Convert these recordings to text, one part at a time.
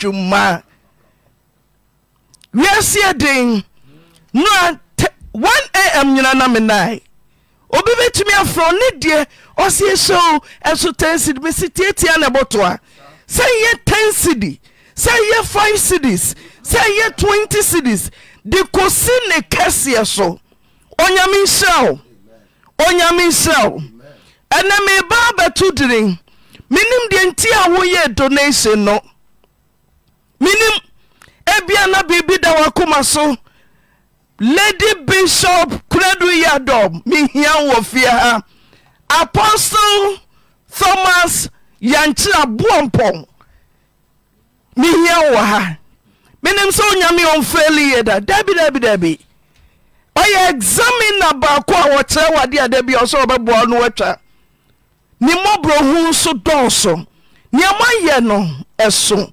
wwiaseɛden nraam nyina na me na obɛ bɛtumi aforɛne deɛ ɔseɛ hyɛ o ɛnso 10n cidy mesi teti a na ɛbɔto a sɛnyɛ 10 cidy sɛyɛ 5 cidies sɛnyɛ 20 cidies de kosi ne kaseɛ so ɔnyame nhyrɛw ɔnyame nhyirɛw ɛnɛ meebaa bɛto deren menim deɛ nti a wo yɛɛ donation no menim ebiana biribi da wakoma so lady bishop krado yadom mehia wɔ fie ha apostle thomas yankyerɛ boɔmpɔn mehia wɔ ha menim sɛ onyame ɔmfrɛli yɛ da dabi dabi dabi ɔyɛ examina baako a wɔkyerɛ wade a da bia ɔsɛ wɔbɛboa no watwa ne mmɔborɔhu so dɔɔso neɛma yɛ no ɛso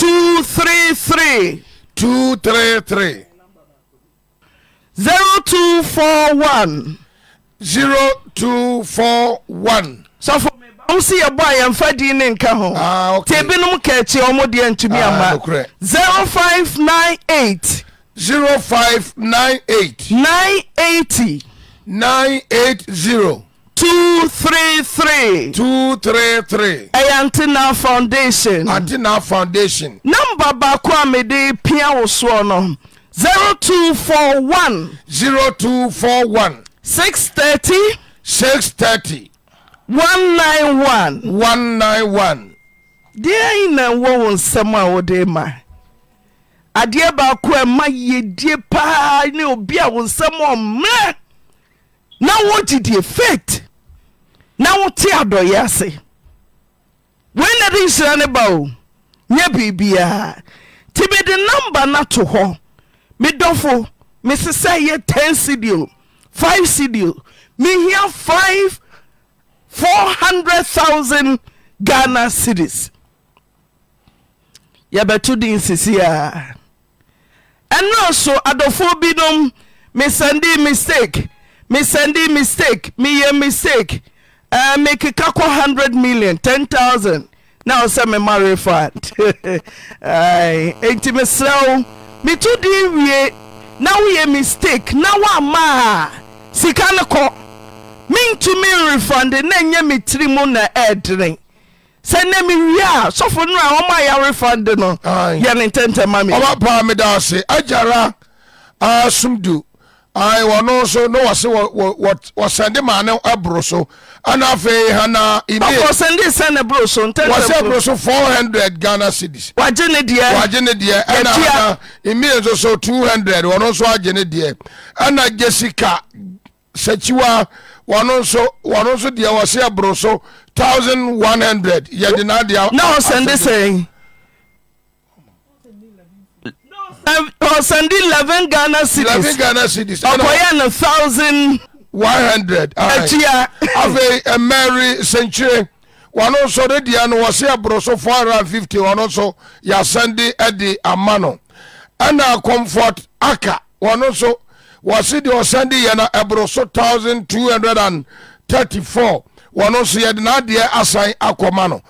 two three three. two three three. zero two four one. zero two four one. sọfọ wọn si yẹ bọ a yẹn fẹ di ne nka ho tí ebinom kẹ̀kẹ́ ọmọ diẹ ntumi ama zero five nine eight. zero five nine eight. nine eighty. nine eight zero. 33ntna fdato namba baako a mede pia wo soɔ no024101 630 630 191 deɛ nyi na wɔ wo nsɛm a wode ma adeɛ baakoa ma yedie paa ne obia wo nsɛm ɔ mmera na wogye deɛ ɛffit na wote adɔyɛ ase wei na de nhyira ne ba o nyɛ biribiaa nti mede numba noto hɔ medɔfo mesesɛe yɛ t0n cidio 5i cidio mehia 5i f00 ,u00 ghana ceries yɛbɛto den nsisie a ɛneso adɔfoɔ binom mesndeyi mistake mesndeyi mistake meyɛ mistake Eh, mekeka kɔ 100 million 10000 na ɔsɛ me ma refund enti mesrɛ wo meto de wie na woyɛ mistake na woama a sika no kɔ mentumi refund na ɛnyɛ me tiri mu na ɛɛdene sɛ nɛ mewie a sɔfo no a ɔma yɛ refund no yɛ ne ntɛntɛma me ɔbapaa meda ase agyara asomdu wɔno nso na wɔse wɔsɛnde maa ne aboro so ana afei hana ide. akɔsɛn de sɛn na buro so ntɛn tɛ buro. wɔsɛ buro so four hundred ghana cities. wagye ne deɛ. wagye ne deɛ ɛna hana emile nso so two hundred wɔn nso agye ne deɛ ɛna jessica ah. sɛkyiwa wɔn nso wɔn nso deɛ wɔsɛ buro so thousand one hundred yɛde na deɛ. na ɔsɛn de sɛn. ɔsɛn de eleven ghana cities. eleven ghana cities. ɔkɔyɛ na thousand. 100 akyia afei mary sɛnkyire wɔno nso ne deɛ no wɔse aboro so 450 wɔno nso yɛasɛnde de ama no ɛna comfort aka wɔno nso wɔse deɛ thousand two hundred and thirty four. wɔno nso yɛde n'adeɛ asan akɔma no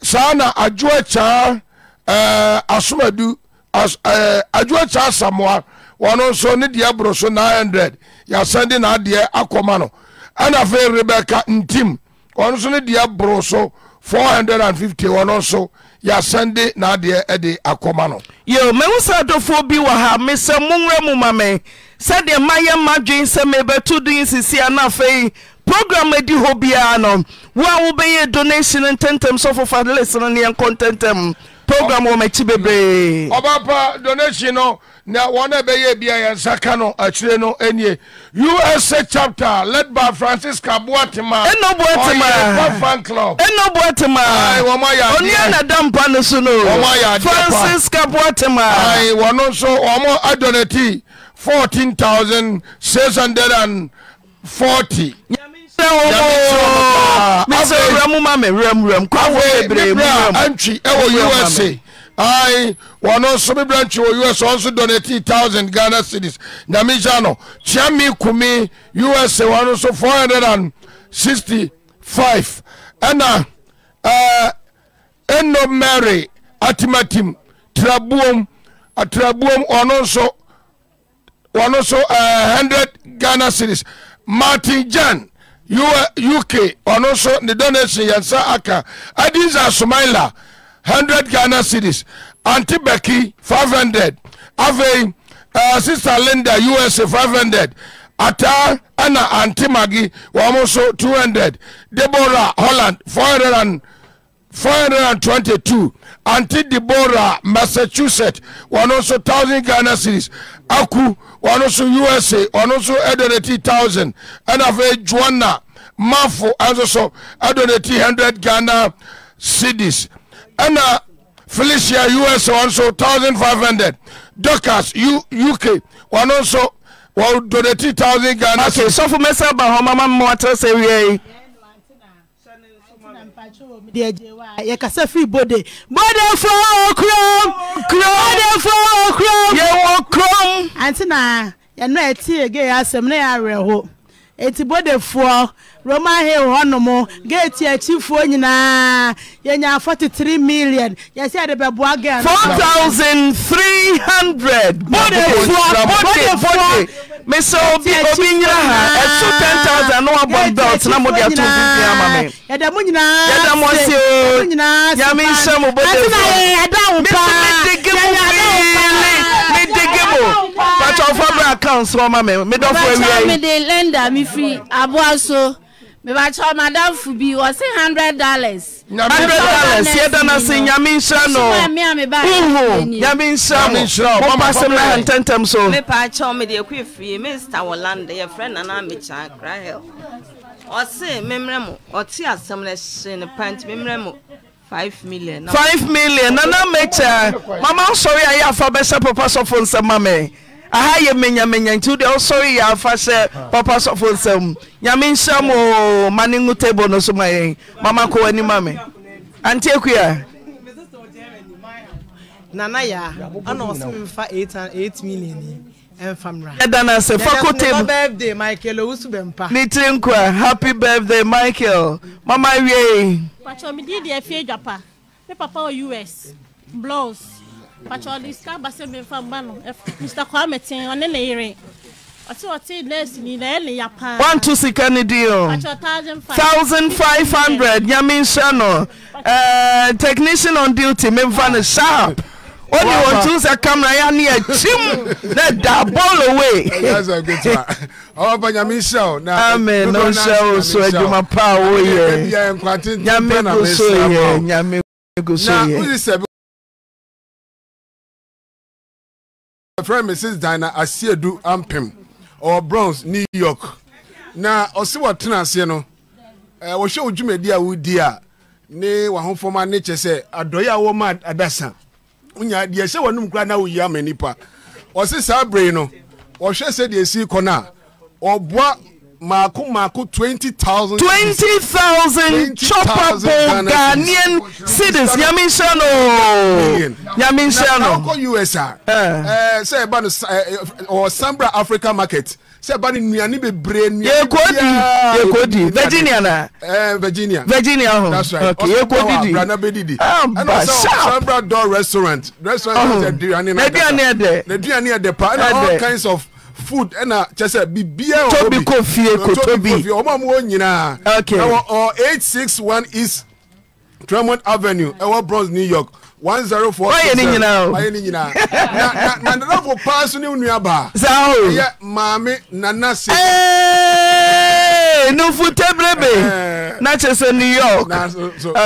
saa na adwoa ɛɛ eh, asomadu as ɛɛ adwoa kyaa samoa wɔno nso ne deɛ aboro so 900 yɛasɛnde naadeɛ akɔma no ɛna afei rebeka ntim ɔno nso ne deɛ boro so 450 ɔno nso yɛasɛnde naadeɛ ɛde akɔma no yo mehu sɛ adɔfoɔ bi wɔ ha mesɛ monwerɛ mu ma me sɛdeɛ mayɛ ma dwen sɛ mebɛto din sisia na afei program adi hɔ biara no wo a wobɛyɛ donation ntɛntɛm sɔfofa leseno neɛ nkɔ ntɛntɛm program wɔ m'akyi bebree. ɔbapa donation no na wɔn a bɛyɛ bi a yɛn nsa ka no akyire no nie usa chapter led by francis kabua tema. ɛnna bua tema ɔyɛ fan club. ɛnna bua tema wɔn ayɛ adeɛ onua na da mpa so no wɔn ayɛ adeɛ pa francis kabua tema. wɔn nso wɔn adonati fourteen thousand six hundred and forty antwi ɛwɔ usa ai wɔno nso bebrɛ ntwi wɔ usa ɔnso donate thousand ghana cities nyame gya no kyea me kumi usa wɔno nso 465 ɛna uh, eh, ɛno mary atimatim trabuom atrabuom eh, ɔno nso wɔno nso uh, eh, 100 ghana cities martin jan uk ɔno nso ne donation yɛnsa aka adiza somaila hundred ghana cities anti five hundred afei uh, sister linda usa hundred ataa ɛna anti magi wɔn nso hundred deborah holland four hundred and four hundred and twenty two anti deborah massachusetts wɔn nso 1000 ghana cities aku nso usa ɔn so adodt tousd naf juana mafo ansoso adont 00 gana cidies ɛna uh, felicia usa so t 500e doccas uk nso dont t000 gansfo mɛsɛ ba homamamoatrasɛ wi yɛkasa firi bode bodefo kurom kurodefo kurom yɛwɔ kurom ante na yɛno ɛtie ge asɛm na yɛawerɛho etibodefoɔ roman hill hɔnom gate akyifoɔ nyinaa yɛnya forty three million yɛsi ɛde bɛboa gɛn. four thousand three hundred bodefoɔ bodefoɔ mesɛ obi obi nyina ha ɛso ten thousand na wabɔ belt na mo de ato obi bi ama mi. yɛda mo nyinaa se yɛda mo se o nyame nhyɛ mo bodefoɔ. ka nso ọma mi medọfo ewia yi. mi de lenda mi fi aboa so mibakyɛ madamfo bi wɔse hundred dollars. hundred dollars yɛ dana se nyame nhyira no huhu nyame nhyira mo mɔmpa asɛm na hantɛntɛm so. mipakyɛ mi de ekui firi mista wɔ landa yɛfrɛ nana amikya krahel ɔse mimrɛ mu ɔte asɛm na ɛhyɛ ne pant mimrɛ mu five million. five million nana amikya mama nsɔre a yɛ afa bɛhyɛ papa sɔfo nsɛm ma aha yɛ manyamanya nti wodeɛ oh, ọsọ yɛ afa sɛ papa sɔfo nsɛm um, nyame nhyira mo ma ne wu table no so ma yɛn mama kɔ w'anim ame ante akua nana ya a ana ɔsɛ memfa 8 million yi ɛdana sɛ fakotam ne tiri nkoa happy birthday michael mama wiei me papa wɔ us blouse patro liska abasa mmefa mba no mr kwame ten ɔne ne yere ɔte ɔte nurse ni na ɛne ya paa. one two sika ni di o. patro thousand five. thousand five hundred nyame nhyɛ no eh, technician on duty mmefa no sharp. ó ní wọn tún sẹ kámẹ́rà yá ni ẹ e chim na da ball away. ọwọ́ bá nyàmí ṣe o. ami ní o ṣe o sọ ẹ̀dùnmá pa owó yẹ nyàmí kò so yẹ nyàmí kò so yẹ. ɛfrɛ mrs dina asiedu ampem or Bronze new york na ɔsi wɔtena aseɛ no ɛɛ eh, wɔhwɛ wo dwumadi a wodi a ne wahofoma ne kyɛ sɛ adɔyɛ a wɔma adasa wonya deɛ ɛhyɛ wɔnom kora na woyi ama nipa ɔsi saa bere no wɔhwɛ sɛ deɛ esi kɔ no ɔboa maako maako twenty thousand. twenty thousand choppable ghanaian cedis nyame nhyɛ no nyame nhyɛ no. na akɔ us a sɛ ɛba no ɔ sambra africa market sɛ ɛba no nnuane bebree nnuane biara yɛkɔ di virginia na. ɛɛ eh, virginia. virginia ho oh. that's right okay yɛkɔ didi ɔsɛ ɔwɔ abrana bɛ didi. amba sharp ɛna sɛ sambra door restaurant restaurant ɛdɛ aduane na ɛdɛ na aduane ɛdɛ pa ɛna all kinds of food ɛna kyɛ sɛ biribiara wɔ tobi ko fie ko tobi wɔn a wɔn nyinaa ɛwɔ eight six one east tremont avenue ɛwɔ bronx new york one zero four six seven ɔyɛ ne nyinaa o ɔyɛ ne nyinaa na na na nanadafo paa so ne nua baa saa o ɛyɛ maame nana se ee nufu tebrebe na kyerɛ sɛ new york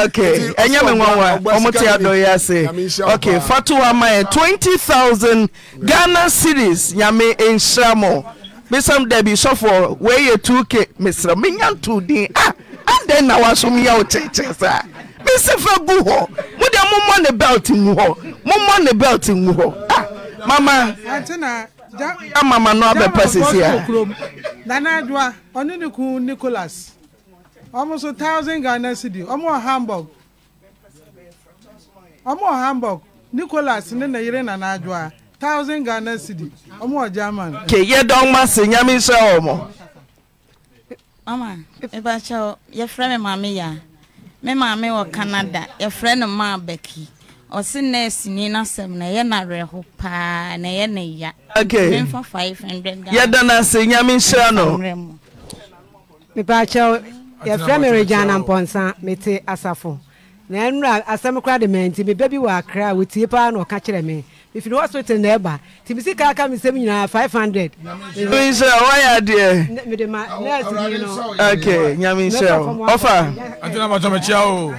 ok ɛnyɛ me nwanwa ɔmo te adɔyɛ eh. ase ok fatowa ama yɛ 20000 ghana series nyame nhyira mo mesam dabi sɔfoɔ wɔyɛ 2k mesrɛ menya ntoo din a adɛn na wasom yɛ wo kyekyere saa mese fa gu hɔ modeɛ mommɔ ne belt ngu hɔ mommɔ ne belt ngu hɔ mama ya mama no abɛpɛ sisi a. nana adua ɔne ne kun nicholas ɔmo so thousand ghana cedi ɔmo wɔ hamburg ɔmo wɔ hamburg nicholas ne na yere nana adua thousand ghana cedi ɔmo wɔ german. kèye dɔnma si nyami sɛ ɔmɔ. ɔmɔ ebakyɛw yɛfrɛ mi maame ya mi maame wɔ canada yɛfrɛ m ma bekee. ɔsi nɛɛsi ni n'asɛm na ɛyɛ n'awerɛho paa na ɛyɛ n'eya. okay mmefa five hundred dollars. yɛda n'ase nyame nhyira no. mipaakyɛw yɛfrɛ mi regyana mpɔnsa mete asafo na nnura asɛm kora de mɛnti meba bi wɔ akra a wotie paa na ɔka kyerɛ me mefiri hospital na ɛba nti mesi kaa ka mesɛm nyinaa 500 nhyira woayɛ adeɛ mede ma nɛɛsi ni no okay nyame nhyira ɔfa antena matɔmakyia o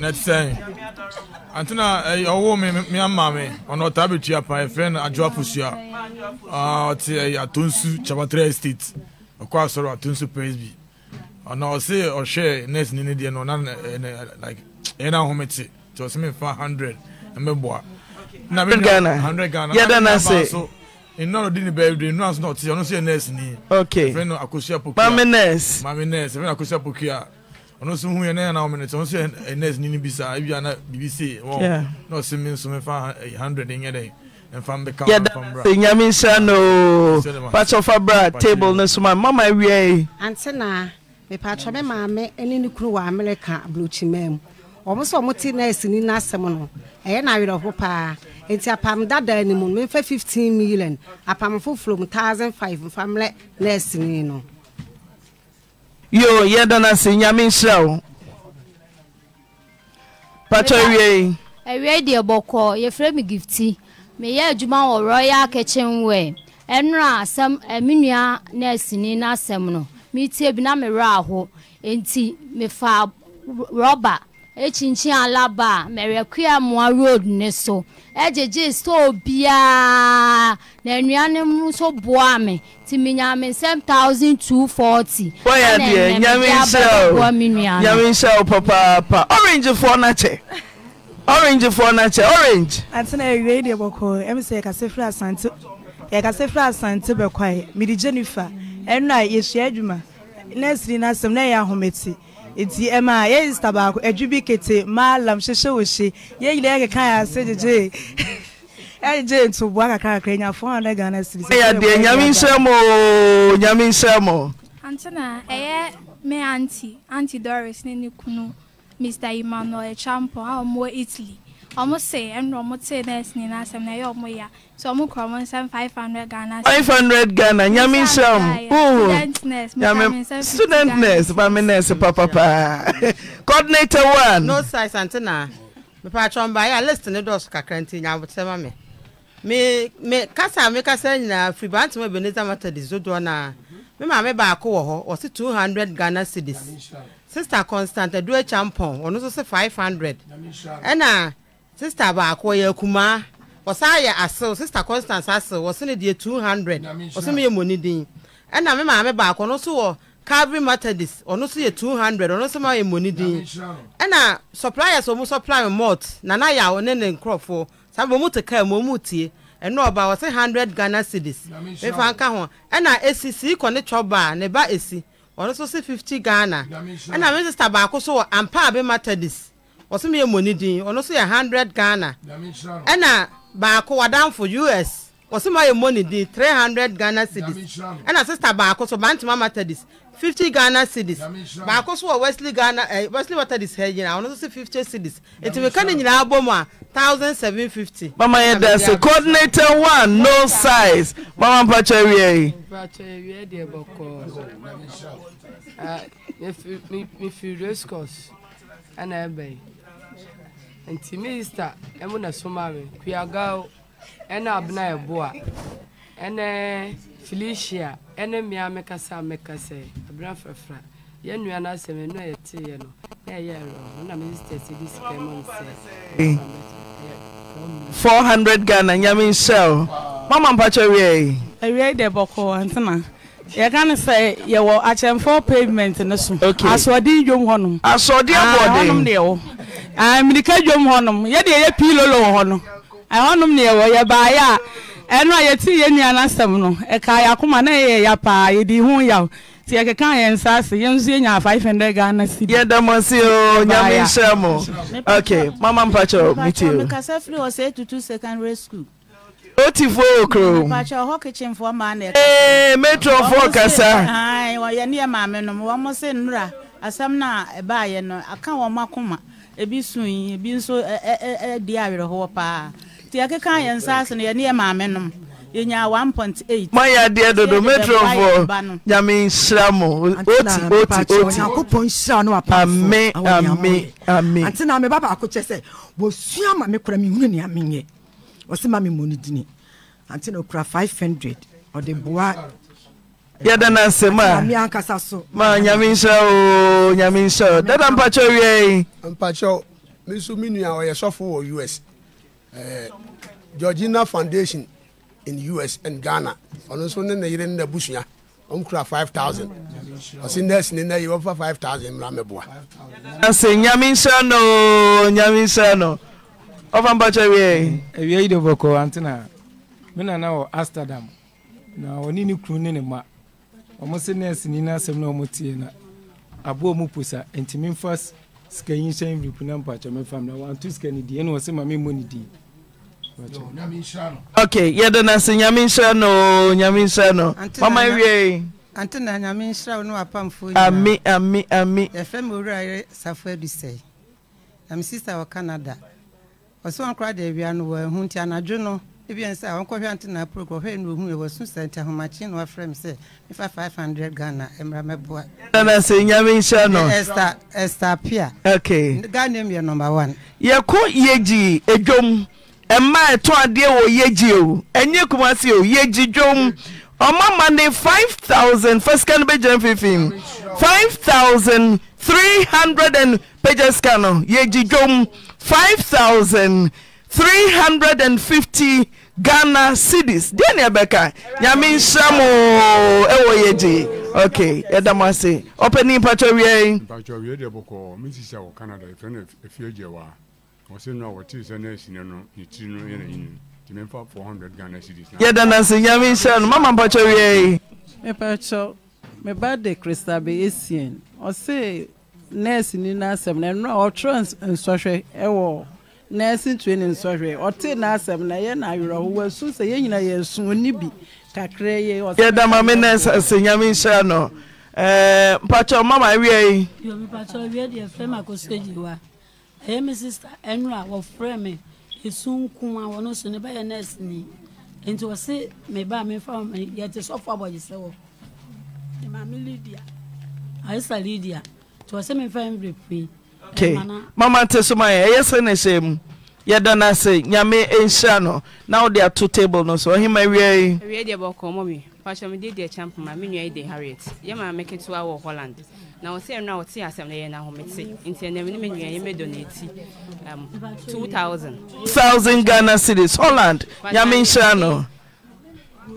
na ti sɛn antena ɛyɛ eh, ɔwɔ mi mi ama mi ɔno ɔta abetua pa ɛfɛ no adwo aposua ah, ɔte ɛyɛ eh, atonsu chabatera estate ɔkɔ asɔrɔ atonsu pɛsbi ɔna ɔse ɔhwɛ nurse ne ne deɛ no ɔna ɛnɛ eh, like ɛyɛ na ahome te te ɔse mi fa hundred mbɛboa na mi nua hundred ghana yɛda na se nnua no di ne bɛɛ de nnua so na ɔte ɔno so yɛ nurse ni okay ɛfɛ no akosua pokuya maame nurse maame nurse ɛfɛ no akosua pokuya ɔno nso hu yɛ na yɛna ɔmene tɛ nso yɛ e nurse nini bi saa ebi ana biribi se wɔ na ɔsi mi nso mefa hundred nyɛ dɛ mfa mbɛka mfa mbra. yɛda nyame nhyira no patɔfa bra table no so ma mama awie. E ante na mipatwa mi maame ne ne kunu wɔ america aburokyi mɛn mu wɔn nso wɔn ti nurse ni n'asɛm no ɛyɛ na awerɛho paa nti apam dada anim no mfa fifteen million apam foforɔ mu thousand five mfa mmerɛ nurse ni no. yo yɛdɔ no se nyame nhyira wo patɔ awiei awiei deɛ bɔkɔ yɛfrɛ me gifti meyɛ adwuma wɔ royal kitchen ware ɛnora asɛm me nua na asini no asɛm no metie bi na mewerɛ aho enti mefaa rɔba echiche alaba mere kwiyamua road e ne so egyegye store na nnuanom nso boa me ti menya me nsɛm thousand two forty. wọ́yà deɛ nyame nhyɛ papaapa orange n'akyɛ orange n'akyɛ orange. atena deɛ bɔkɔ ɛmu oh? sɛ yɛkasa asante yɛkasa asante midi jennifer a yɛsua adwuma nɛɛsiri n'asɛm na ahomete. nti ɛma yɛ sista baako adwi bi kete maa lam hyehyɛ wɔ hye yɛ nyinaa yɛkeka yɛ ase gyegye ɛgye ntoboa kakrakra nya four hundred ghana cedis. ɛyɛ deɛ nyame nsɛm o nyame nsɛm o. antena ɛyɛ me aunty aunty doris ne ne kunu mr emmanuel champo a wɔn wɔ italy ɔmo se ɛnna ɔmo te nɛɛse ne n'asɛm na ɛyɛ ɔmo ya so ɔmo kura ɔmo nsɛm five hundred ghana. five hundred ghana nyame nsɛm ooo nyame student nurse maame nurse papapa coordinator one. no size ante na mipatwa mba list ne dɔɔso kakra nti nyabotɛ ma mi mi mi kasa mi kasa nyinaa firi bantam ebeneza methodist dodoɔ naa mi maame baako wɔ hɔ ɔsi two hundred ghana cedis sister constant edu echampɔn ɔno nso si five hundred ɛna sista baako yɛ kumaa wɔsan yɛ asew sista constance asew wɔsi ne deɛ two hundred wɔsi mi yɛ mɔni din ɛna mi maame baako no so wɔ calvary methodist ɔno so yɛ two hundred ɔno so ma yɛ mɔni din ɛna suppliers wɔn supply malt nana yawo ne ne nkorɔfoɔ sábà wɔn te kaa mu wɔn tie ɛnu ɔba wɔsi hundred ghana cedis mefa nka ho ɛna esi sii kɔ ne twɔba ne ba esi ɔno so si fifty ghana ɛna mi sista baako so wɔ ampa abe methodist wɔsɛ meyɛ mmɔni din ɔno nso yɛ hundred ghana ɛna baako wadanfo us wɔsɛ mayɛ mmɔni din three hundred ghana cedis ɛna sista baako so bantama matadis fifty ghana cedis baako so wɔ wesley ghana ɛ eh, wesley matadis hɛ gyina ɔno nso fifty cedis eti mi ka ne nyinaa bɔ mu a thousand seven fifty. mama yɛ dɛ se coordinator one no size mama mpatsɛ wia yi. mpatsɛ wia deɛ bɔkɔɔ ah, mi fi race course ɛna ɛbɛn. nti minista Emuna na somare kuagaw ɛne abena ɛboa felicia ɛne mmea mekasa mekasa abena frafra yɛn nua enyo ya ɛnu ya yɛteeɛ no na ɛyɛ minista sɛ bi sika mu nsɛ 400 ghana nyame nhyɛw mama mpakyɛ wiei awiei de bɔkɔɔ antena yɛka sɛ yɛwɔ akyɛmfoɔ pavement no so asoɔden dwom hɔ nom asoɔden Ah, mirika dwom hɔnom yɛde yɛyɛ pii lolo wɔ hɔ no ɛhɔnom ah, ne yɛwɔ yɛbaeɛ a ɛno a yɛte yɛ nua no no ɛka yɛakoma na ɛyɛ ya paa yɛde ho yaw nti yɛkeka yɛn nsa ase yɛn nso yɛnya ghana si yɛda mo ase o nyame nhyɛ mo ok mama mekasa firi hɔ sɛ secondary school okro kasa yɛ maame nom se asɛm no aka akoma ebi sun yi ebi nso e, e, e, di awerɛhoɔ paa nti yɛkeka yɛn nsa ase no yɛne yɛ maame nom yɛnya 1.8 moayɛ adeɛ dodo metrofo nyame nhyira mo onyankopɔn nhyira no ame ame ame ante na meba baako kyɛ sɛ wɔsua ma me kora mehunu nea menyɛ ɔse ma memmɔ no dini ante na ɔkura 500 ɔde boa yɛda no asɛm a ma nyame nhyɛ o nyame nhyɛ o dada mpakyɛ wiei mpakyɛ me so me nua ɔyɛ sɔfo wɔ us georgina foundation in us and ghana ɔno nso ne ne yere ne nabusua ɔmkura 5000 ɔse nurse ne nayi wɔmfa 5000 mmra mɛboa ase nyame nhyɛ no nyame nhyɛ no ɔfa mpakyɛ eh, wiei awia de bɔkɔ antena me nana wɔ amsterdam na ɔne ne kunu ne ne ma wɔn se nɛɛse ni n'asɛm na wɔn tie na aboɔ mu posa ntumi nfa sika yi nhyɛn miripu na mpakyɛ mɛfam na wɔanto sika ne die ɛna wɔsɛ maame mmɔ ne die ok yɛde no ase nyame nhyira no nyame nhyira no mama wiei ante na nyame nhyira wo ne wapamfoɔ ami ami ami yɛfrɛ me owura yere safo adu sɛe na me sister wɔ canada ɔsɛ wɔnkora de awia no wɔ ahu nti anadwo no ebi yɛn sɛ a wɔnkɔhwɛ ante na apuro kɔ hwɛ na ohun ɛwɔ so sɛ nti ahomakye na wafrɛ mi sɛ nifa five hundred ghana mmira mɛboa. ɛnna sɛ nyame nhyɛ no. ɛsta ɛsta pia. okay ghana mu yɛ number one. yɛkɔ yegyi edwom ɛmma ɛtɔ adeɛ wɔ yegyi o ɛnyɛ kumasi o yegyi dwom ɔmo ama five thousand first scan bɛ fifin five thousand three hundred and pages scan no yegyi dwom five thousand three hundred and fifty ghana cities deɛ ne ɛbɛka nyame nhyira mo ɛwɔ yɛ gye ok yɛda mo ase ɔpɛni mpatwɔ wiei mpatwɔ wie deɛ bɔkɔ mesisa wɔ canada ɛfrɛ no afie agyewa a ɔsɛ no a wɔtee sɛ no asi no no ne tiri no yɛna yini nti memfa 400 ghana cities yɛda no ase nyame nhyira no mama mpatwɔ wiei mepatwɔ meba de kristabe ɛsien ɔse nurse ni no asɛm no ɛno a ɔtwerɛ nsɔhwɛ ɛwɔ nursing training sɔhwɛ ɔte n'asɛm na yɛ na awerɛhowa su sɛ yɛn nyina yɛ su oni bi kakra yɛ ɔsɛ. yɛ dama mi nɛ sɛ nyame nhyɛ no ɛɛ mpatsɔ mama awia yi. yomi mpatsɔ awia deɛ fɛ ma ko seji wa ɛyɛ mi sista ɛnura wɔfrɛ mi esu nkun a wɔn so ne ba yɛ nɛɛsi ni nti wɔsi mi ba mi fa mi yɛ ti sɔfo abɔgyesɛ wɔ maame lidia ayisa lidia nti wɔsi mi fɛn bebree. mama nte so ma yɛ ɛyɛ sɛ ne hyɛ mu yɛda no ase nyame ɛnhyira no na wode ato table no so ɔhema awiai awie deɛ bɔkɔ mɔ me pakyɛ mede deɛ kyampoma me nua de harriet yɛma me ketewa wɔ holland na ɔsɛ ɛno a wɔte asɛm no yɛ no ahomete nti ɛnam ne me nua yɛmɛdɔ no ɛti 2000 thousand ghana cities holland nyame nhyira no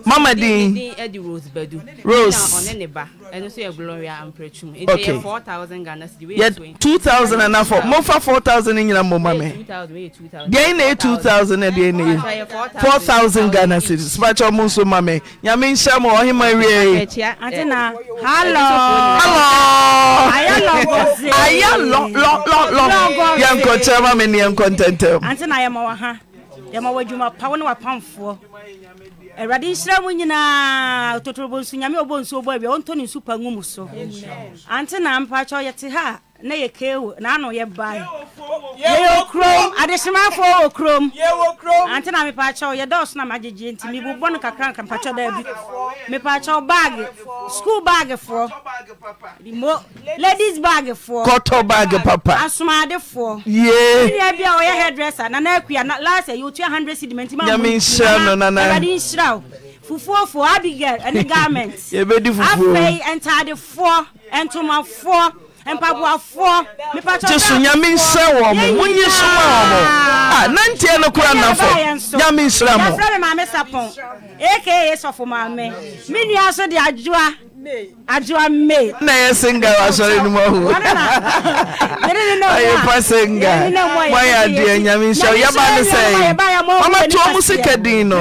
mama din ɛdi rose bedu rose ɔne ne ba ɛno so yɛ gloria ampretum ɛdi four thousand ghana cedi wey yɛ twenty two thousand and four mo fa four thousand nyina mo ma mi deɛ na yɛ two thousand na deɛ na four thousand ghana cedi sipakya ɔmo nso ma mi nyame nhyia mu ɔhema wie. ati na hallo hallo ayɛ lɔ lɔ lɔ lɔ yɛn nkɔ kyerɛ ma mi ni yɛn nkɔ ntɛntɛn. ati na yɛ ma ha yɛ ma wɔ adwuma pawo ne wa pamfoɔ awurade nhyira mu nyinaa totorobo nsu nyame ɔbɔ nsuo bɔ awia ɔntɔ ne nsu pa ngu mu so ante na mpa kyɛ ɔyɛte ha a na yɛ kewo n'ano yɛ ban yɛwɔ kurom adesimafo wɔ kurom ante na mepaakyɛw yɛ dɔɔso na magyegye nti mebobɔ no kakra nka mpakyɛw daa bi mepaakyɛw baage skul baagefoɔ mo ladies baagefoɔ kɔtɔ baage papa asomadefoɔ yeeɛ bi a ɔyɛ hairdresser nana akua last yɛ ɔtua 100 sediment ma nyame nhyira no nana awurade nhyira wo fufuofoɔ abigail ɛne garment yɛbɛdi fufuo afei ntadefoɔ ntomafoɔ mpaboafoɔ gye so nyame nsrɛ wɔ mo monye so ma wɔ mo ah, nantiɛ no kora nafo nyame nsrɛ mo yɛfrɛ me maame sapɔn aka sɔfo maame me nua so di adwoa adwoa me. na yɛ singa wɔ asɔre no mu ahoyɛpa singa moayɛ adeɛ nyame nhyɛ yɛba ne sɛ ɔmatoɔ mu sika din no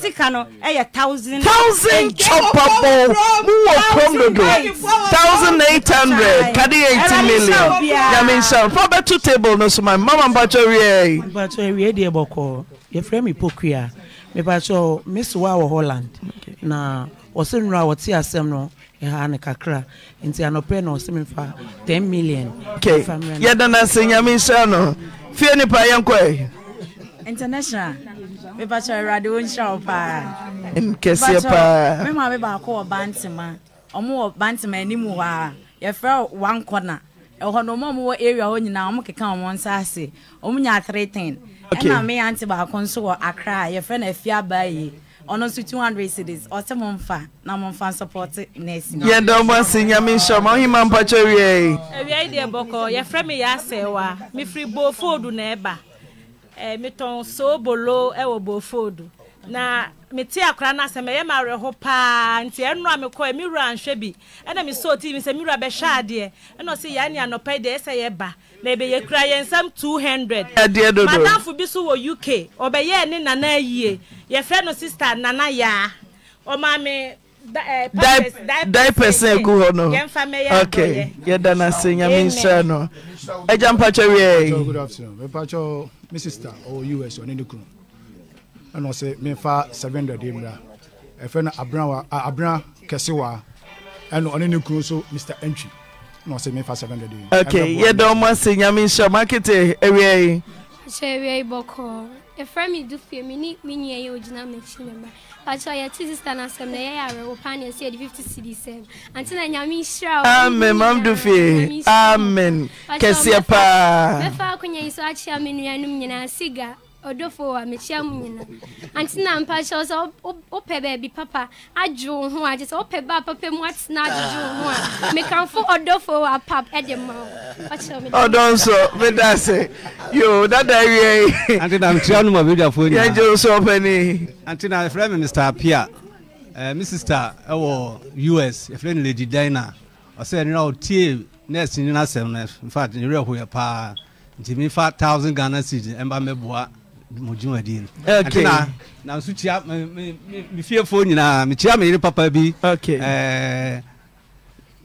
sika no ɛyɛ thousand thousand chopable mowɔ krom dodo thousand eight hundred kade 48 million nyamenhyɛ ah. wobɛto table no so ma mama mpatwɔ wie mpawie deɛ bɔkɔɔ yɛfrɛ me pokua mepatwɛ mese wa wɔ holland na ɔse nnuro a wɔte asɛm no ɛha ne kakra nti anɔpɛ na ɔse mefa 10 million yɛda no ase nyamenhyɛ no fie nipa yɛnkɔɛ international mepatwɛ awurade wɔnhyira wo paa paa mema me baakɔ wɔ bantema ɔmo wɔ bantema anim hɔ yɛfrɛ one corner ɛhɔ no ɔmo a area hɔ nyinaa ɔmo keka wɔn nsa ase ɔmo three ten ɛna baako nso wɔ akra a yɛfrɛ no afi abaa yie ɔno nso two cities mo mfa na mo mfa support nurse no. yɛn dɔn nyame deɛ bɔkɔ yɛfrɛ yɛ asɛwa bofoodu na ɛba ɛɛ eh, soobolo ɛwɔ bofoodu. na mete akora no asɛm ɛyɛ ma awerɛho paa nti ɛno a mekɔɛ me wura anhwɛ bi ɛna mesɛ ɔtii me sɛ me wura bɛhyɛ adeɛ ɛna ɔse yɛa ne anɔpa deɛ ɛsɛ yɛba na ɛbɛyɛ kura yɛn nsɛm 200 madamfo bi so wɔ uk ɔbɛyɛɛ ne nana yie yɛfrɛ no sister nana yaa ɔma me diapers na ɛgu hɔ no ok yɛda no ase nyame nhyira no agya mpakyɛ wiɛ sister ɔwɔ us ɔne ne kunu ɛna ɔsɛ mefa seven dɔde mmira ɛfɛ no abrana abrana kɛsewa ɛna ɔne ne kuro nso mr entry ɛna ɔsɛ mefa seven dɔde mmira. ok yɛda ɔmo ase nyame nhyɛ makete awia yi. nhyɛ awia yi bɔkɔ efra mi du fie mi ni mi nyi ɛyɛ ogyina mɛkyi ne ba pàtó ɔyɛ tí sista na sɛm na ɛyɛ awɛ wò pan ɛsi ɛdi fifty cd sɛm àti na nyame nhyira o. amen mam du amen kɛseɛ paa. mɛfa akonya yi so akyia mi nua nom nyinaa siga ɔdɔfo a mehyia mu nyina anti na mpa kyerɛ sɛ wopɛ baabi papa adwo wo ho a kyɛ sɛ wopɛ baa papa mu atena adwodwo wo ho a mekamfo ɔdɔfo a pap ɛde ma wo ɔdɔ nso meda se yo dada awiei ante na mekyerɛ no ma bɛdwafoɔ nyina yɛgye wo sɛ ɔpɛni ante na ɛfrɛ me mr pia Uh, eh, me sister ɛwɔ us yɛfrɛ no lady dina ɔsɛ ɛnera ɔtie nurse no asɛm no infact ne werɛ paa nti mefa thousand ghana cedi ɛmba mɛboa mo dwumadie no ɛna nanso kyia me fiefoɔ nyinaa mekyia me yere papa bi eh,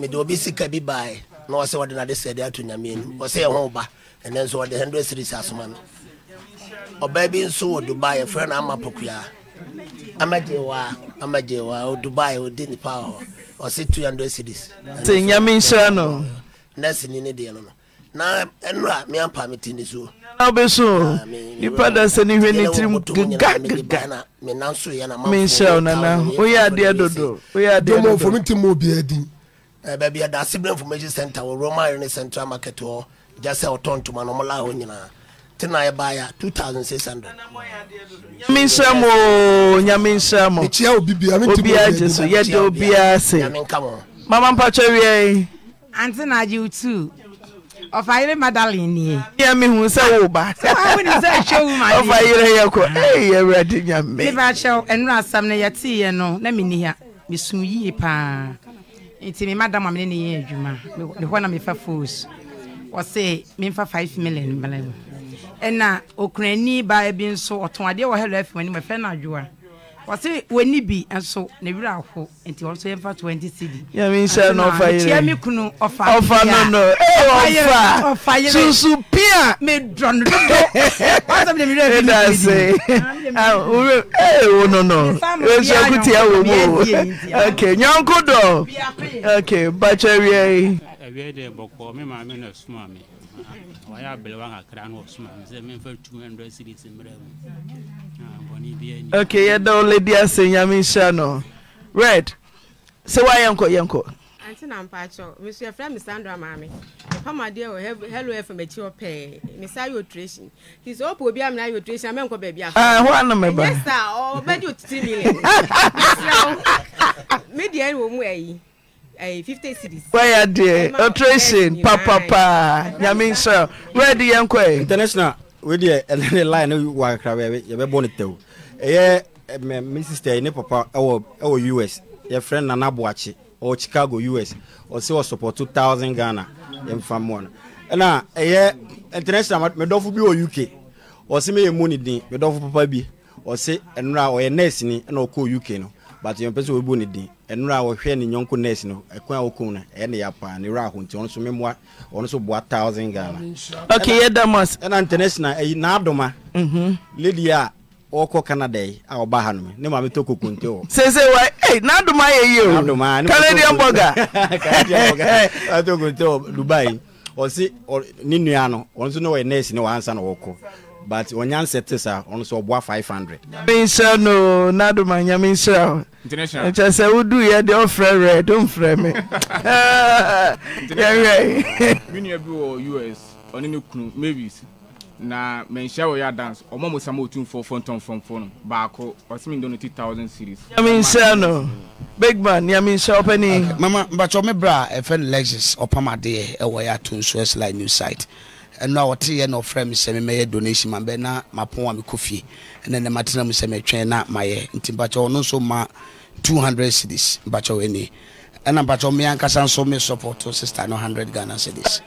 mede obi sika bi baeɛ na ɔsɛ wɔde nade sɛde ato nyame anim ɔsɛ ɛho ba ɛnɛ nso ɔde 100 series asoma me ɔbaa bi nso wɔ dubai yɛfrɛ no ama pokuaa amagyewa amagyewa o dubai ɔdi nipa hɔ ɔsɛ 200 series nti nyame nhyira no nɛse ni ne deɛ no no na ɛnora mi mete ne suo na wobɛso nipa da sɛ ne hwɛ ne tirim gegagegamena nsoyɛ na menhyɛ wo nana woyɛ adeɛ dodo woyɛ adeɛ dodo mfo mete mu obiaa din uh, eh, baabi yɛda asibra information center wɔ roma arena central market hɔ gya sɛ ɔtɔ ntoma no ɔmɔla hɔ nyinaa te na yɛbaeɛ 2600 nyame nhyira m o nyame nhyira m obiaa gye so yɛda obiaa se mama mpatwa wiɛ ante na agye wo too ɔfa yere madalen nie yɛ mehu sɛ woba ɔfa yere yɛ kɔ ei awurade nyame mebakyɛw ɛnora asɛm no yɛteeɛ no na menni ha mesum yie paa nti mi madam a mi ne yɛ adwuma ne hɔ na mi fa fos ɔsɛ mi fa five million mmerɛ mu ɛna okunani baa bi nso ɔtɔn adeɛ wɔ hello fm anim ɛfɛ na adwoa wɔsi wɔni bi nso ne wura aho nti wɔn nso yɛn fa twenty cd. yẹmi nhyɛ na ɔfa yẹrɛ ɛna mi kunu ɔfa ɔfa nono ee ɔfa ɔfa yẹrɛ susu pia. mi dɔn dodo wɔsɔ mi de mi rɛ mi cd. ɛdase ee wo nono esu ekuti ɛwɔ mu o ok nyɔnko dɔ ok bàtɛ wia yi. ɛwia de bɔkɔ mi maa mi na suma mi wayɛ abelewa kakra no wɔsoma me sɛ memfa 200 series mmerɛ mu bɔne biani ok yɛda wo ladi asɛ nyame nhyira no red sɛ woayɛ nkɔ yɛnkɔ ante na mpakyɛ meso yɛfrɛ me sandra maame pamadeɛ wɔ hello fm akyi hɔ pɛɛ mesa yɛ otration nti sɛ wopɛ obi a mena yɛ otration a mɛnkɔ baabi aho ana mɛba yɛ sa ɔbɛde otiti million mesrɛ wo medeɛ wɔ mu ayi Eh, fifty cities. wáyà deɛ operation papapa nyame nsɛ wɛdi yɛn kɔ ɛ. international wey deɛ ɛnɛ ne line wɔ akra bɛ yɛ bɛ bɔ ne tɛw ɛyɛ mɛ mi sista yi ne papa ɛwɔ ɛwɔ us yɛfrɛ nana buakye eh, ɔwɔ chicago us ɔsɛ wɔ support two thousand ghana yɛmfa eh, mu ɔno ɛna ɛyɛ international mɛ dɔfo bi wɔ uk ɔsɛ mɛ yɛ mu ne din mɛ dɔfo papa bi ɔsɛ ɛnura ɔyɛ nurse ni ɛna ɔkɔ uk no but yɛn pɛ sɛ wɔbu ne din ɛnura ni wɔhwɛ ne nyɔnko nurse no ɛkwan a wɔkɔm no ɛyɛ ne ya paa ne wura ahonti ɔno nso memoa ɔno nso boa thousand ghana. okay yɛ da mas. ɛna international ɛyi n'adoma. Mhm. lady a ɔkɔ canada yi a ɔba ha nom ne maame tɔ kokonte wɔ. sese wa ee n'adoma yɛ yie o n'adoma ne ma canadian burger canadian burger a tɔ kokonte wɔ dubai ɔsi ne nua no ɔno nso ne wɔyɛ nurse ne wansa na wɔkɔ but ɔnyansɛ te sa five hundred. nyame no n'adoma nyame nhyira international. nkyɛn sɛ wudu yɛ deɛ ɔfrɛ rɛ don frɛ mi yɛrɛ. mi nua bi wɔ us ɔne ne kunu mavis na mɛnhyia wɔ ya dance ɔmo mo sàmó tún fɔ fɔntɔn fɔnfɔn no baako ɔsimi ndonu two thousand series. nyaminhyia no big man nyaminhyia ɔpɛ ni. mama mbatwa ɔmi bra ɛfɛ lexus ɔpam adeɛ ɛwɔ tun ato nsuo slide new site ɛno a wɔteyɛ na ɔfrɛ me sɛ memɛyɛ donation mabɛ na mapɔn a mekɔ fie ɛnɛ nɛ matena mu sɛ metwɛn na mayɛ nti mpakyɛ ɔno nso ma 200 cities mpakyɛ wɔani ɛna mpakyɛ me ankasa nso me support sister no 100 ghana cities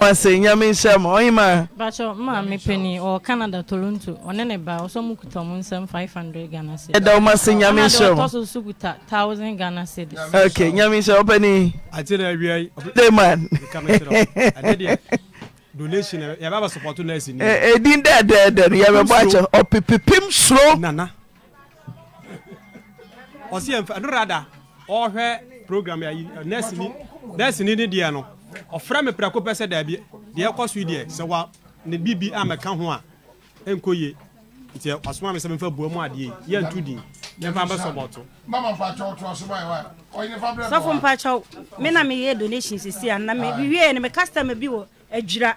ɔsɛ nyame nhyɛ ma ɔyima bakyɛ ma mepɛni ɔwɔ canada toronto ɔne ne ba ɔsɛ mu kuta mu nsɛm 500 ghana cities ɛda woma sɛ nyame nhyɛ mo ɔso so kuta 1000 ghana cities ok nyame nhyɛ ɔpɛni akyerɛ awiai dɛ man donation eh, yɛ bɛ ba support nurse ni. edin dɛdɛɛdɛ ni yɛ bɛ bɔ akyɛ ɔpipipim suro. nana ɔsi yɛn fɛ ɛdora da ɔhwɛ program yɛ eh, nurse ni nurse ni ni deɛ no ɔfrɛ mi pɛrɛ ko pɛ sɛ dɛbi deɛ ɛkɔ so yi deɛ sɛ wa ne bibi a mɛka ho a ɛnko yie nti ɔsoma mi sɛ mi fɛ bua mu adeɛ yɛ ntu din yɛ fa bɛ sɔbɔ to. mama mpakyɛw to ɔsoma yɛ wa ɔyɛ nifa bɛrɛ bɔ wa. sɔfo mpakyɛw mi na mi yɛ donation sisi a na mi wiye ni mi customer bi wɔ adwira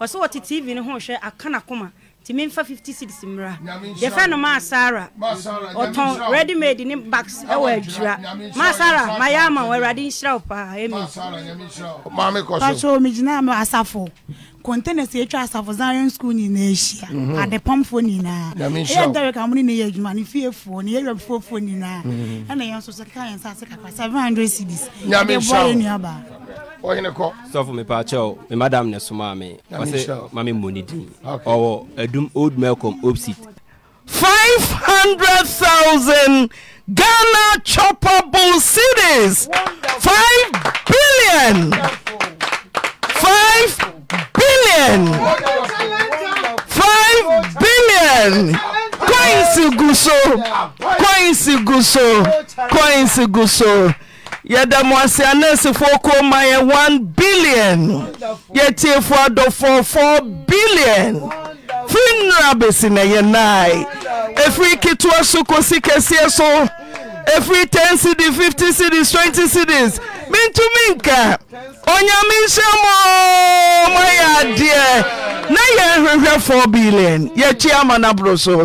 ɔsɛ wɔte tv ne ho hwɛ aka nakoma nti memfa 50 cities mmra yɛfɛ no maasara ɔtɔn ready made ne bags ɛwɔ adwira maasara mayɛ ama wɔ awurade nhyira wo paa ɛmipatwo megyinaa me asafo containers yɛ atwa asafo zion school nyinaa ahyia mhm. adepamfoɔ nyinaa ɛyɛ derek amone ne yɛ adwuma ne fiefoɔ ne yɛwerɛfofoɔ nyinaa mhm. ɛna yɛn nso sɛ ka yɛn sɛ ase kakra 700 cities ɛde bɔ yɛ nuabaa ɔhene kɔ sɔfo mepakyɛw me madam ne somaa me ɔsɛ ma me mmɔ ne ɔwɔ adum old melcom opsit 500,000 Ghana choppable cities. Wonderful. 5 billion. Five billion. Five billion. Coins Guso. Coins Guso. Coins Guso. yɛda mo ase ana asifoɔ koo ma yɛ 1 bilion yɛatiefo adɔfo 4 bilion firi nnera besi na yɛnae ɛfiri ketewa so kɔsi kɛseɛ so firi 10 cs 50 cis 20 cities mentumi nka onyame nsɛm mayɛ adeɛ na yɛ hwehwɛ 4 billion yɛkyi ama no borɔ so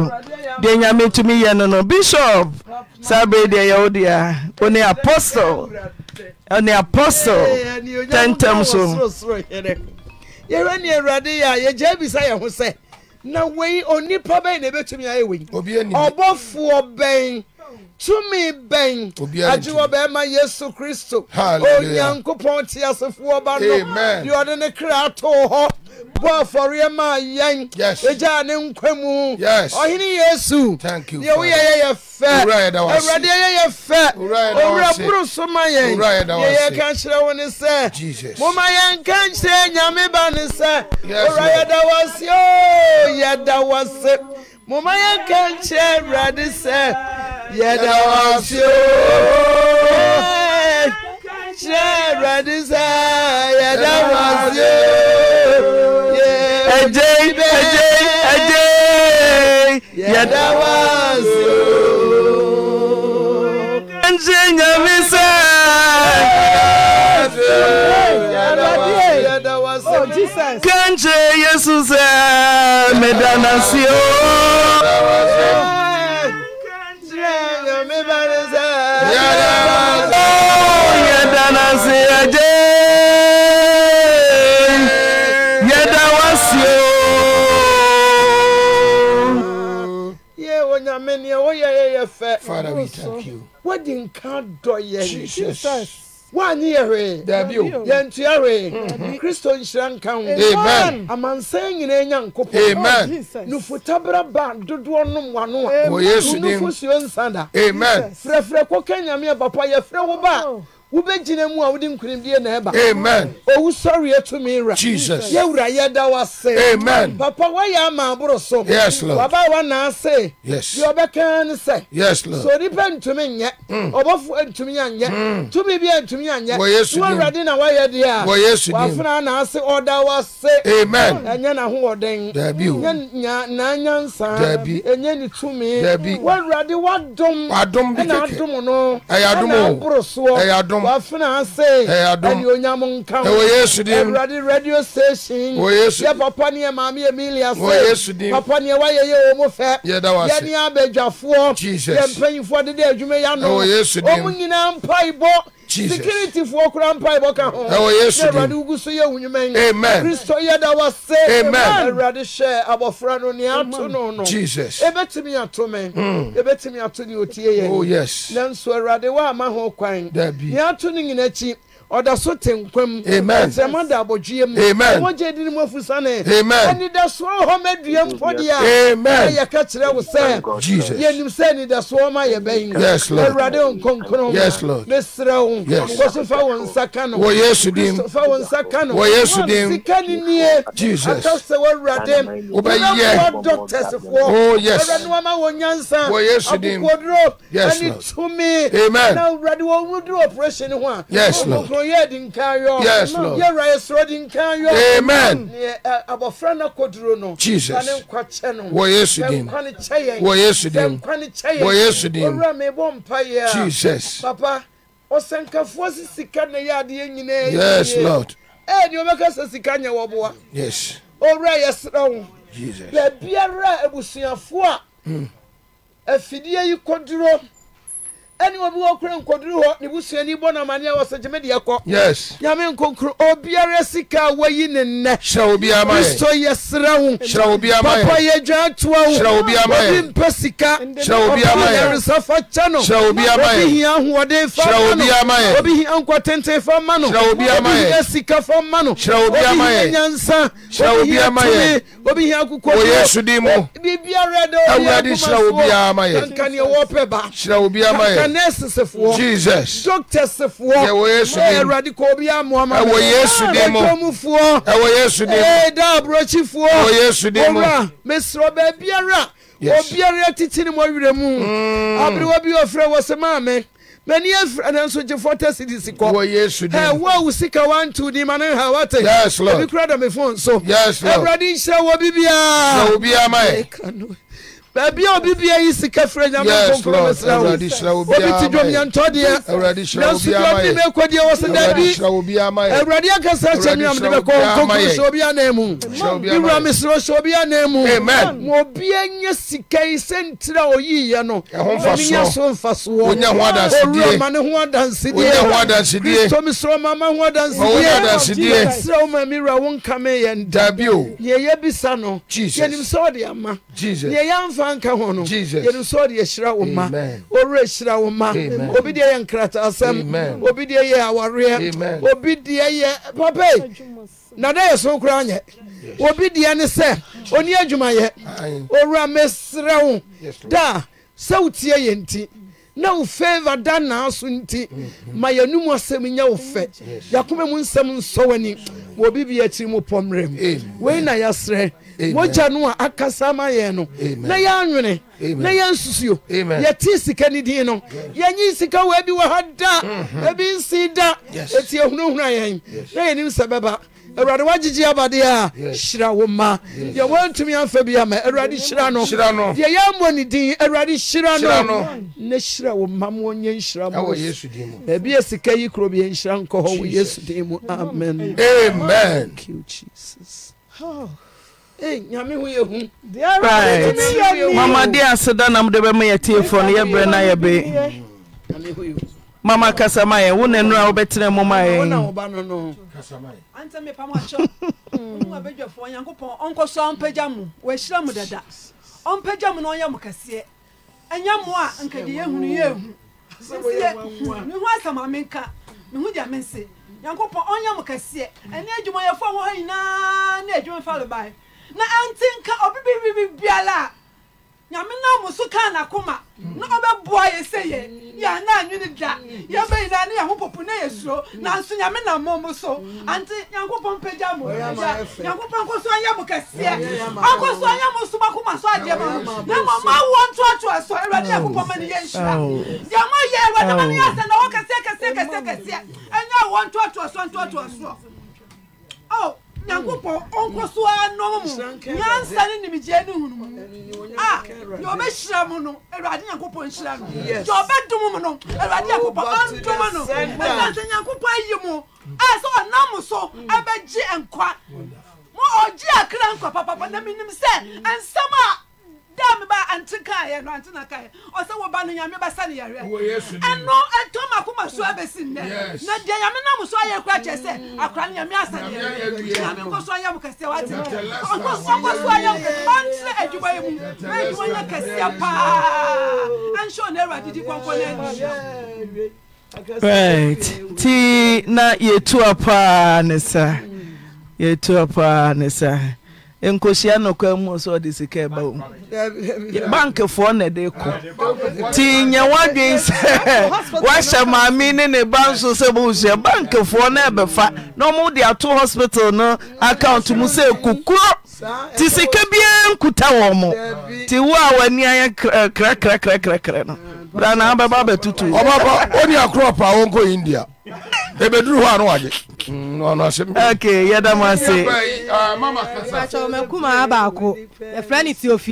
deɛ nyame tumi yɛ no no bishop saa berɛ deɛ yɛwo dea one apostle ɔne apostle tɛntɛm so yɛhwɛ ne awurade yɛ a yɛgyaa bisa yɛ ho sɛ na wei onipa bɛn na ɛbɛtumi ayɛ wei ɔbɔfoɔ bɛn tumi bɛn agyiwɔ bɛrima yesu kristo onyankopɔn te asefoɔ ba no deɛ ɔde ne kra too hɔ bɔ afɔreɛ maa yɛn egyaa ne nkwa mu ɔhene yesu deɛ woyɛ yɛ yɛ fɛ awurade yɛ yɛ fɛ owura buru so ma yɛn deɛ yɛka nkyerɛ wo ne sɛ moma yɛnka nkyerɛ nyame ba ne sɛ owura yɛda wɔ se oo yɛda wɔ se moma yɛnka nkyerɛ awurade sɛ yɛda wɔasio kyerɛ awurade sɛ yɛda wɔasio ɛgyei ɛgyei ɛgyei yɛda wɔasio ɛnkye nyame sɛ kankye yesu sɛ meda nasio onyame nea woyɛ yɛyɛ fɛ father we thank you wode nka dɔ yɛn jesus woanye yɛ hwee daabio yɛntua hwee kristo nhyira nka ho amen amansan nyinaa nya nkopɔ amen oh, nufutabra ba dodoɔ nom wano a wɔ yesu nim nufu suo nsa da amen frɛfrɛ kɔka nyame papa yɛfrɛ wo ba oh wobɛgyina mu a wode nkonimdie na ɛba amen owu sɔre atumi ra jesus yɛwura yɛda wase amen papa woayɛ ama aboro so yes lord waba wanaa se yes deɛ ɔbɛka ne sɛ yes lord so nipa ntumi nyɛ mm. ɔbɔfo ntumi anyɛ mm. tumi bi ntumi anyɛ wɔ yesu dim wɔwurade na wayɛ deɛ a wɔ yesu dim wafuna naa se ɔda wase amen ɛnyɛ n'ahoɔden dabi o nyɛ nya n'anyansa dabi ɛnyɛ ne tumi dabi wɔwurade wadom wadom bi kɛkɛ ɛna adom no ɛyɛ adom o ɛna aboro soɔ ɛyɛ adom adom wafena ase ɛne onyam nka ho ɛwɔ yesu dim awurade radio station wɔ yesu yɛ papa ne yɛ maame yɛ milia sɛ wɔ yesu dim papa ne yɛ wayɛ yɛ wɔn fɛ yɛda wɔ ase yɛ ne abɛdwafoɔ yɛ mpanyinfoɔ dede adwuma yɛ ano wɔn nyinaa mpa ibɔ security foɔ kura mpa ibɔ ka ho ɛwɔ yesu di awurade wugu so yɛ wunyuma yi amen kristo yɛ da wa se amen awurade hyɛ abɔfra no ni ato no no jesus Ebe ebetumi ato me hmm. ebetumi ato nea otie yɛ oh yes nanso awurade wa ama ho kwan nea ato ne nyina akyi. Amen. Amen. Amen. ɔda so te nkwam ɛsɛma da abɔdwea mu ɔmɔgye di ne mu afu sane anidasoɔ hɔ madua mpɔ deɛ a ɛyɛ ka kyerɛ wo sɛ yɛnim sɛ anidasoɔ ma yɛ bɛn awurade nkonkron mesrɛ wo nkɔ so fa wo nsa ka no fa wo nsa ka no sika ne nie aka sɛ woawurade wobɛyɛ dɔktɛsefoɔ awurade no wama wɔ nyansa abokoduro Amen. tumi na awurade wɔwuduru operation ho a yɛ di nkan yɔ. yes lord yɛrɛ yɛ sɔrɔ di nkan yɔ. amen. abɔfra na koduro no. jesus sani nkwa kyɛ no. wɔ yesu dim sɛ nkwa ni kyɛ yɛ. wɔ yesu dim sɛ nkwa mi bɔ mpa yɛ. jesus papa ɔsɛnkafoɔ si sika na yɛ adeɛ nyinaa yes lord. ɛɛ eh, ni o bɛ ka sɛ sika nyɛ wɔ boa. yes. owura yɛ srɛ wo. jesus baabiara ebusuafoɔ a. afidie hmm. yi koduro. ɛne obi wɔ kura nkɔduru hɔ ne busuani bɔ na amane a wɔsɛ yes nyame nkonkro obiara sika a wayi ne nnɛ hyerɛ obiara ma yɛ kristo yɛ serɛ wo hyerɛ obiara papa yɛ dwan toa wo hyerɛ obiara ma yɛ obi mpɛ sika hyerɛ obiara ma yɛ obi yɛresa fa kyɛ no hyerɛ obiara ma yɛ obi hia ahoɔden obi hia nkɔtenten fa ma no hyerɛ obiara ma yɛ obi hia sika fa ma no hyerɛ obiara ma yɛ obi obi hia akokɔ wɔ yesu din mu biribiara da obiara kuma so awurade hyerɛ obiara ma yɛ kankaneɛ wɔpɛ ba hyerɛ nɛɛsesefoɔ jesus doctorsefoɔ ɛwɔ yesu dɛm ɛwurade kɔ obi amoama ɛwɔ yesu dɛm mu ɛdɔmufoɔ ɛwɔ yesu dɛm ɛɛ da aburokyifoɔ ɛwɔ yesu dɛm mu owura mesrɛ obiara titi ne mu ɔwerɛ mm. mu aberewa bi ɔfrɛ wɔ sɛ maame mani afira nanso gyefo tɛsi di si kɔ wɔ yesu dɛm mu ɛwɔ awu sika one two ni ma ne ha wa te yes lord ebi kura da fon so yes lord ɛwurade nhyira wɔ bibiara na obiara ma yɛ baabi a obi bi ayi sika fira nyame nkonkoro mesra wo obi ti dwom yɛntɔ deɛ nanso deɛ obi ma ɛkɔ deɛ wɔ sɛ daabi awurade akasa kyɛ me amde bɛkɔ nkonkoro hyɛ obi anan mu wura mesrɛ hyɛ obi anan mu ma obia nya sika yi sɛ ntira ɔyiiɛ no menya so mfasoɔ owura ma ne ho adansedeɛ kristo mesrɛ ma ma ho adansedeɛ mesrɛ wo ma me wura wo nka me yɛ nda deɛ yɛbisa no yɛnim sɛ ɔde ama deɛ yɛmfa mfa nka ho no yɛde sɛ ɔde ahyira wo ma ɔwerɛ ahyira wo ma obi deɛ yɛ nkrataasɛm obi deɛ yɛ awareɛ obi deɛ yɛ papa na da yɛ so koraa nyɛ obi deɛ ne sɛ ɔni adwumayɛ owura mesrɛ da sɛ wotie yɛ nti na wo fɛva da naa so nti ma yɛnum asɛm nyɛ wo fɛ yɛakoma mu nsɛm nsɔ w'ani wɔbi akyiri mu pɔ mu wei na yɛserɛ mogya no a akasa ma yɛn no na yɛanwene na yɛnsusuo yɛte sika ne din no yɛnyi sika wɔ abi wɔ ha da abi mhm. nsi da ɛti ɛhunuhunu yɛn na yɛnim sɛ bɛba awurade wagyegye abadeɛ a hyira wo ma deɛ wɔntumi amfa bi ama awurade hyira no deɛ yɛmmɔ ne din awurade hyira no na hyira wo ma ma ɔnyɛ nhyira mu baabi a sika yi kuro biɛ nhyira nkɔ hɔ wɔ yesu din mu amen amen thank you jesus oh. Right. Mama, dear, so done. I'm the way my tear for the be mama kasama yɛ wo na nura wobɛtena mu ma yɛ ɔmpagya mu na ɔnyɛ mo kɛseɛ ɛnyɛ mo a nkadi yɛhunu yɛhu nsiɛ meho asɛm a menka meho gya mense nyankopɔn ɔnyɛ mo kɛseɛ ɛne adwumayɛfoɔ wɔ hɔ nyinaa ne adwuma fa lo bae na ɛnte nka ɔbibibibibiala a nyame na mo so kaa n'akoma na ɔbɛboa yɛ sɛ yɛ yɛ na anwene da yɛbɛ nyinaa ne yɛho popo na yɛsuro nanso nyame na mmɔ mo so ante nyankopɔn pagya mo ya nyankopɔn nkɔ so anyɛ mo kɛseɛ akɔ so anyɛ mo so bakoma so adeɛ ma ho na ma wɔ ntoatoa so awurade nyankopɔn ma ne yɛ deɛ ma awurade ma ne yɛ asɛ na wɔ kɛseɛ kɛseɛ kɛseɛ kɛseɛ ɛnyɛ wɔ ntoatoa so ntoatoa soɔ oh nyankopɔn ɔnkɔ so a nɔm mu nyansa ne nimigyeɛ ne hunu mu ah, a deɛ ɔbɛhyira mu no awurade nyankopɔn nhyira no deɛ ɔbɛdom mu no awurade nyankopɔn ɔndom no ɛsiane sɛ ayi mu a sɛ ɔnam mu so nkwa mo ɔgye akra nkwa papapa na menim sɛ ɛnsɛm a ndị me ba ante ka ye eh, no ante na ka ye o se no nyame ba sa na de nyame na so aye kura che se mm. akra ne nyame asa ne nyame ko so aye mo kase wa so mo adwuma mu na adwuma ye kase na era didi na right ti na yetu apa ne sa yetu apa nkosia nnọkọ mu ọsọ ọdị sika ịba o bankifoɔ na ɛde kɔ ti nye wadwin sɛ wahyɛ maame ne ne ba nso sɛ bonsua bankifoɔ na ɛbɛfa na wɔn de ato hospital no account mu sɛ kukuro ti sika biara nkuta wɔn ti wo a wɔn ani ayɛ krakrakrakrakra no bra na bɛba bɛtutu ɔbakɔ ɔni akorɔpa a wɔnkɔ india ebeduru hɔ ano wagye ɔno asɛm ok yɛda mu ase mama kasa mɛkuma abaako ɛfrɛ ne tiofi